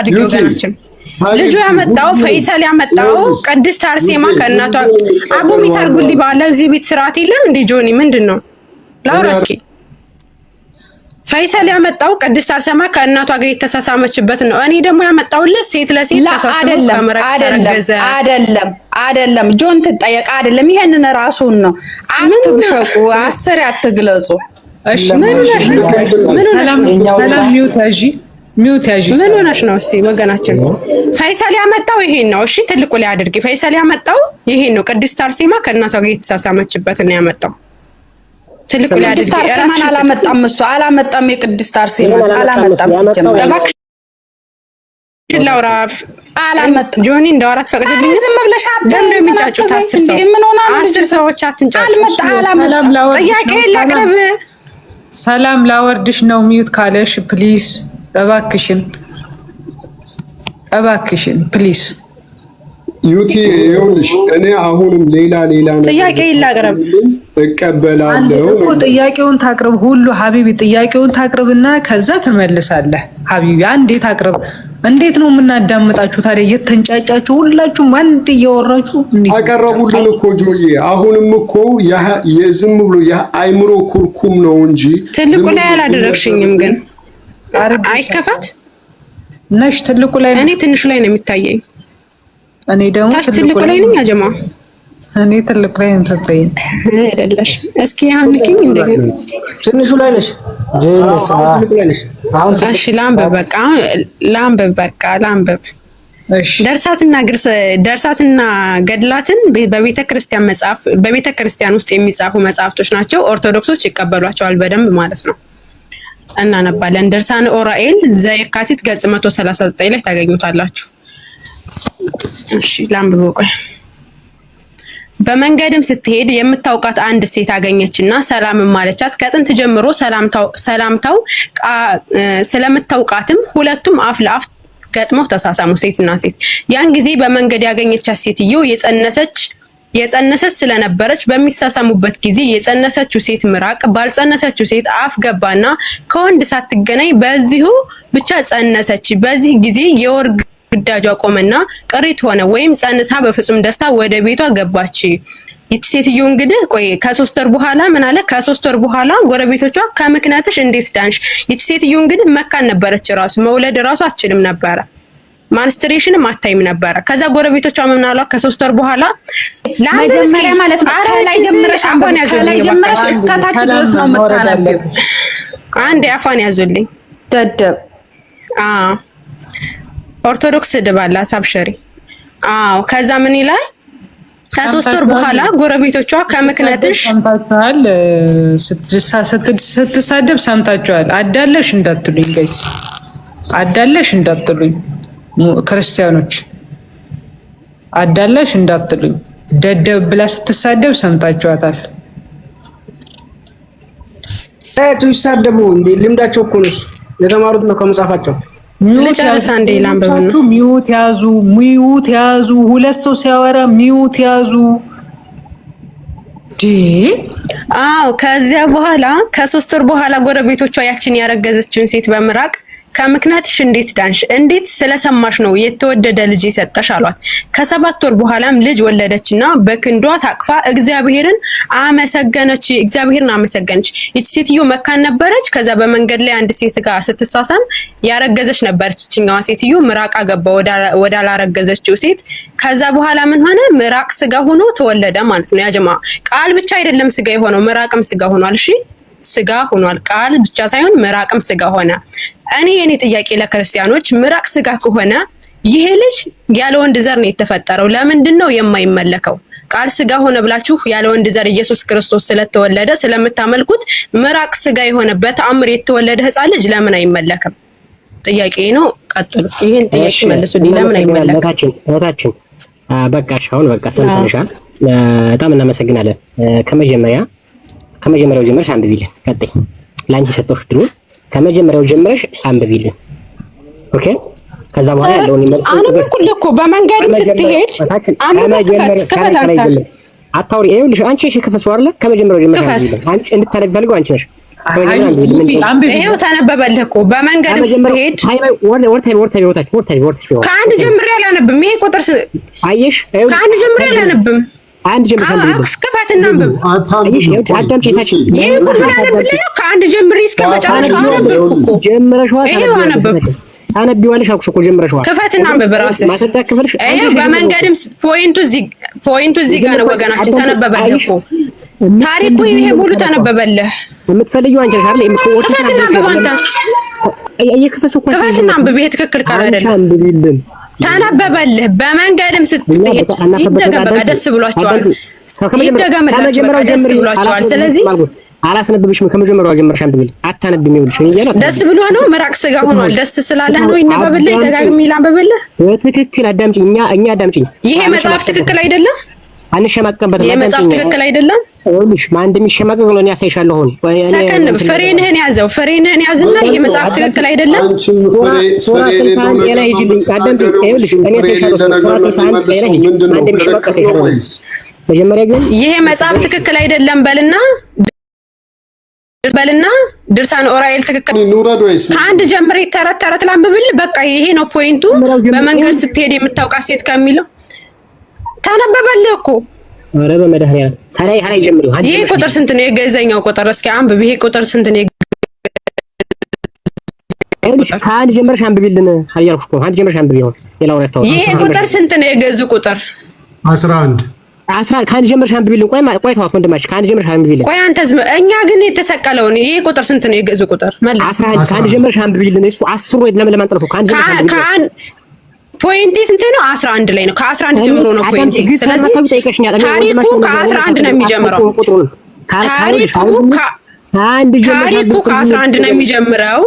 አድርጊ ወገናችን። ልጁ ያመጣው ፈይሰል ያመጣው ቅድስት አርሴማ ከእናቷ አቡ ሚታርጉልኝ ባለ እዚህ ቤት ስርዓት የለም እንዴ? ጆኒ ምንድን ነው ላውራ እስኪ። ፈይሰል ያመጣው ቅድስት አርሴማ ከእናቷ ጋር የተሳሳመችበት ነው። እኔ ደግሞ ያመጣውለት ሴት ለሴት ተሳሳመ። አደለም አደለም። ጆን ትጠየቅ አደለም። ይሄንን ራሱን ነው አትብሸቁ፣ አስር አትግለጹ። እሺ ምን ነው ምን ነው ሰላም ነው ተጂ ምን ሆነሽ ነው? እስቲ ወገናችን ፈይሰል ያመጣው ይሄን ነው። እሺ ትልቁ ላይ አድርጊ። ፈይሰል ያመጣው ይሄን ነው። ቅድስት አርሴማ ከእናቷ ጋር የተሳሳመችበት ነው ያመጣው። ትልቁ ላይ አድርጊ። ቅድስት አርሴማን አላመጣም፣ እሱ አላመጣም። የቅድስት አርሴማን አላመጣም። ላውራ አላመጣም። ጆኒ እንዳወራ ትፈቅድልኝ? ዝም ብለሽ አስር ሰው አስር ሰዎች አላመጣም። ጥያቄ ላቅርብ። ሰላም ላወርድሽ ነው። ሚዩት ካለሽ ፕሊዝ እባክሽን እባክሽን ፕሊስ ዩቲ ይኸውልሽ፣ እኔ አሁንም ሌላ ሌላ ጥያቄ ይላቀረብ እቀበላለሁ እኮ ጥያቄውን ታቅርብ። ሁሉ ሀቢቢ ጥያቄውን ታቅርብና ከዛ ትመልሳለህ። ሀቢቢ አንዴ ታቅርብ። እንዴት ነው የምናዳምጣችሁ ታዲያ? እየተንጫጫችሁ ሁላችሁም አንድ እያወራችሁ አቀረቡልን እኮ ጆዬ። አሁንም እኮ የዝም ብሎ የአይምሮ ኩርኩም ነው እንጂ ትልቁ ላይ አላደረግሽኝም ግን አይከፋት ነሽ ትልቁ ላይ እኔ ትንሹ ላይ ነው የሚታየኝ። እኔ ደግሞ ትልቁ ላይ ነኝ። አጀማ እኔ ትልቁ ላይ ነው ተጠይ አይደለሽ። እስኪ ያንኪኝ እንደገና ትንሹ ላይ ነሽ። እሺ ላንበብ፣ በቃ ላንበብ፣ በቃ ላንበብ። ደርሳትና ግርስ ደርሳትና ገድላትን በቤተ ክርስቲያን መጽሐፍ በቤተ ክርስቲያን ውስጥ የሚጻፉ መጽሐፍቶች ናቸው። ኦርቶዶክሶች ይቀበሏቸዋል በደንብ ማለት ነው። እናነባለን። ድርሳነ ኦራኤል ዘየካቲት ገጽ 139 ላይ ታገኙታላችሁ። እሺ ላንብበው። ቆይ በመንገድም ስትሄድ የምታውቃት አንድ ሴት አገኘችና ሰላም ማለቻት ከጥንት ጀምሮ ሰላምታው ስለምታውቃትም ሁለቱም አፍ ለአፍ ገጥመው ተሳሳሙ፣ ሴትና ሴት። ያን ጊዜ በመንገድ ያገኘቻት ሴትዮ የጸነሰች የጸነሰች ስለነበረች በሚሳሳሙበት ጊዜ የጸነሰችው ሴት ምራቅ ባልጸነሰችው ሴት አፍ ገባና ከወንድ ሳትገናኝ በዚሁ ብቻ ጸነሰች። በዚህ ጊዜ የወር ግዳጇ ቆመና ቅሪት ሆነ ወይም ጸንሳ በፍጹም ደስታ ወደ ቤቷ ገባች። ይቺ ሴትዮ እንግዲህ ቆይ ከሶስት ወር በኋላ ምን አለ? ከሶስት ወር በኋላ ጎረቤቶቿ ከምክንያትሽ እንዴት ዳንሽ? ይቺ ሴትዮ እንግዲህ መካን ነበረች። ራሱ መውለድ ራሱ አትችልም ነበረ። ማንስትሬሽንም አታይም ነበረ። ከዛ ጎረቤቶቿ ምን አሏት? ከሶስት ወር በኋላ ለመጀመሪያ ማለት ነው ከላይ ጀምረሽ አፏን ያዙልኝ፣ ጀምረሽ እስከ ታች ድረስ ነው የምታነቢው። አንድ አፏን ያዙልኝ ደደብ ኦርቶዶክስ ስድብ ሳብሸሪ። አብሸሪ አዎ። ከዛ ምን ይላል? ከሶስት ወር በኋላ ጎረቤቶቿ ከምክንያትሽ ስትሳደብ ሰምታችኋል። አዳለሽ እንዳትሉኝ ጋይስ፣ አዳለሽ እንዳትሉኝ ክርስቲያኖች አዳላሽ እንዳትሉኝ። ደደብ ብላ ስትሳደብ ሰምታችኋታል። ቱ ይሳደቡ እንዴ? ልምዳቸው እኮ ነው፣ የተማሩት ነው ከመጻፋቸው። ሚዩት ያዙ፣ ሚዩት ያዙ። ሁለት ሰው ሲያወራ ሚዩት ያዙ። አዎ፣ ከዚያ በኋላ ከሶስት ወር በኋላ ጎረቤቶቿ ያችን ያረገዘችውን ሴት በምራቅ ከምክንያትሽ እንዴት ዳንሽ? እንዴት ስለሰማሽ ነው የተወደደ ልጅ የሰጠሽ አሏት። ከሰባት ወር በኋላም ልጅ ወለደችና በክንዷ ታቅፋ እግዚአብሔርን አመሰገነች። እግዚአብሔርን አመሰገነች። ይቺ ሴትዮ መካን ነበረች። ከዛ በመንገድ ላይ አንድ ሴት ጋር ስትሳሳም ያረገዘች ነበረች። ይችኛዋ ሴትዮ ምራቅ አገባ ወዳላረገዘችው ሴት። ከዛ በኋላ ምን ሆነ? ምራቅ ስጋ ሆኖ ተወለደ ማለት ነው። ያጀማ ቃል ብቻ አይደለም ስጋ የሆነው ምራቅም ስጋ ሆኗል። እሺ ስጋ ሆኗል። ቃል ብቻ ሳይሆን ምራቅም ስጋ ሆነ። እኔ የኔ ጥያቄ ለክርስቲያኖች ምራቅ ስጋ ከሆነ ይሄ ልጅ ያለ ወንድ ዘር ነው የተፈጠረው፣ ለምንድን ነው የማይመለከው? ቃል ስጋ ሆነ ብላችሁ ያለ ወንድ ዘር ኢየሱስ ክርስቶስ ስለተወለደ ስለምታመልኩት ምራቅ ስጋ የሆነ በተአምር የተወለደ ሕፃን ልጅ ለምን አይመለክም? ጥያቄ ነው። ቀጥሉ። ይሄን ጥያቄ መልሱ። ለምን አይመለካችን? እህታችን በቃሽ፣ አሁን በቃ ሰምተንሻል። በጣም እናመሰግናለን። ከመጀመሪያ ከመጀመሪያው ጀምረሽ አንብቢልን። ቀጥይ። ላንቺ ሰጠሁሽ ድሩን ከመጀመሪያው ጀምረሽ አንብቢልን። ኦኬ። ከዛ በኋላ ያለውን ይመልከቱ። እኮ በመንገድ ስትሄድ ከፈታታ አታውሪ። ይኸውልሽ አንቺ እሺ ክፈሱ አይደለ? ከመጀመሪያው ጀምረሽ አንቺ እንድታነብ ፈልገው አንቺ ነሽ። ተነበበልህ እኮ በመንገድም ስትሄድ። ከአንድ ጀምሬ አላነብም። ይሄ ቁጥር ከአንድ ጀምሬ አላነብም አንድ ጀምር ጀምሪ እኮ ጀምረሽዋ ክፈትና አንብብ እራስህ ክፍልሽ። ይሄ በመንገድም ፖይንቱ እዚህ ፖይንቱ እዚህ ጋር ነው ወገናችን። ተነበበልህ እኮ ታሪኩ ይሄ ተነበበልህ። የምትፈልጊው አንቺ ክፈትና አንብብ አንተ። እኮ ክፈትና አንብብ። ይሄ ትክክል ካል አይደለም ታነበበልህ። በመንገድም ስትሄድ ደስ ብሏቸዋል፣ ይደገምላቸው፣ ደስ ብሏቸዋል። ስለዚህ አላስነብብሽም ከመጀመሪያው ጀምረሽ አንብብል። አታነብም። ይኸውልሽ ደስ ብሎ ነው ምራቅ ስጋ ሆኗል። ደስ ስላለህ ነው ይነበብልህ ደጋግሚ ላንብብልህ። ትክክል አዳምጪኝ። እኛ እኛ አዳምጪኝ። ይሄ መጽሐፍ ትክክል አይደለም። አንሸማቀቅበት የመጽሐፍ ትክክል አይደለም። ይኸውልሽ ማን እንደሚሸማቀቅ ብሎ ያሳይሻለሁ። አሁን ሰከን ፍሬንህን ያዘው፣ ፍሬንህን ያዝና ይሄ መጽሐፍ ትክክል አይደለም። ሱራ ስልሳ አንድ ላይ ይጅልኝ አዳምጪ። ይኸውልሽ እኔ ያሳይሻለሁ። ሱራ ስልሳ አንድ ላይ ማን እንደሚሸማቀቅ ያሳይሻለሁ። መጀመሪያ ግን ይሄ መጽሐፍ ትክክል አይደለም በልና በልና ድርሳን ኦራኤል ትክክል ከአንድ ጀምሬ ተረት ተረት ላንብብል። በቃ ይሄ ነው ፖይንቱ። በመንገድ ስትሄድ የምታውቃት ሴት ከሚለው አነበበልህ እኮ። ኧረ በመድኃኒዓለም ታዲያ ይሄ ጀምሪው። ይሄ ቁጥር ስንት ነው? የገዛኛው ቁጥር እስኪ አንብብ። ይሄ ቁጥር ስንት ነው? ከአንድ ጀምረሽ አንብቢልን። አያልኩሽ እኮ አንድ ጀምረሽ አንብቢ። ይሁን ሌላው ነው ታው። ይሄ ቁጥር ስንት ነው? የገዙ ቁጥር 11 11 ከአንድ ጀምረሽ አንብቢልን። ቆይ ቆይ ተዋት ወንድማሽ፣ ከአንድ ጀምረሽ አንብቢልን። ቆይ አንተ ዝም። እኛ ግን የተሰቀለውን ይሄ ቁጥር ስንት ነው? የገዙ ቁጥር መልስ። አስራ 11 ከአንድ ጀምረሽ አንብቢልን። እሱ 10 ወይ ለምን ለማንጠለፈው? ከአንድ ፖይንቴ ስንት ነው? አስራ አንድ ላይ ነው። ከአስራ አንድ ጀምሮ ነው ፖይንቴ። ስለዚህ ታሪኩ ከአስራ አንድ ነው የሚጀምረው። ታሪኩ ከአስራ አንድ ነው የሚጀምረው።